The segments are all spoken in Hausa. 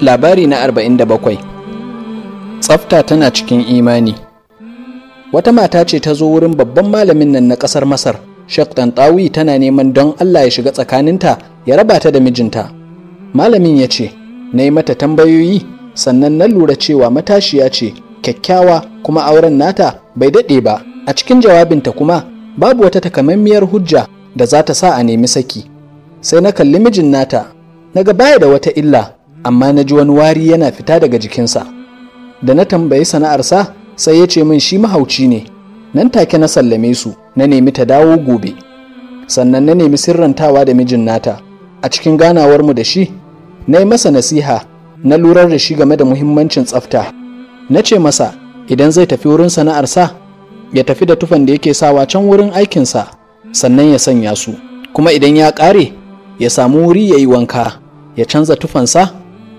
Labari na arba'in da bakwai. Tsafta tana cikin imani Wata mata ce ta zo wurin babban malamin nan na ƙasar Masar, Sheikh Tantawi tana neman don Allah ya shiga tsakaninta ya raba ta da mijinta. Malamin ya ce, Na yi mata tambayoyi, sannan na lura cewa matashiya ce, kyakkyawa kuma auren nata bai daɗe ba. A cikin jawabinta kuma, babu wata takamammiyar hujja da za ta sa a nemi saki. Sai na kalli mijin nata, na ga baya da wata illa amma na ji wani wari yana fita daga jikinsa da na tambayi sana'arsa sai ya ce min shi mahauci ne nan take na sallame su na nemi ta dawo gobe sannan na nemi sirrantawa da mijin nata a cikin ganawar mu da shi na yi masa nasiha na lurar da shi game da muhimmancin tsafta na ce masa idan zai tafi wurin sana'arsa ya tafi da tufan da yake sawa can wurin aikinsa sannan ya sanya su kuma idan ya ƙare ya samu wuri ya yi wanka ya canza tufansa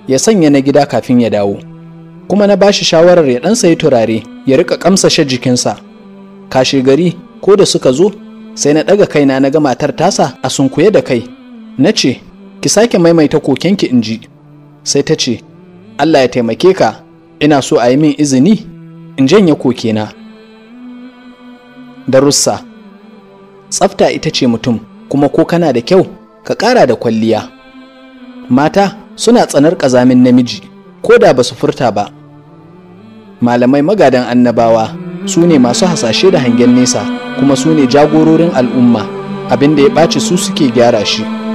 ya sanya na gida kafin ya dawo kuma na bashi shawarar ya ɗan sayi turare ya rika kamsashe jikinsa kashe gari ko da suka zo sai na ɗaga kaina na ga matar tasa a sunkuye da kai na ce ki sake maimaita kokenki in ji sai ta ce allah ya taimake ka ina so a yi min izini in janye kokena darussa tsafta ita ce mutum kuma ko kana da kyau ka ƙara da kwalliya mata suna tsanar ƙazamin namiji ko da ba su furta ba malamai magadan annabawa su ne masu hasashe da hangen nesa kuma su ne jagororin al'umma abinda ya ɓace su suke gyara shi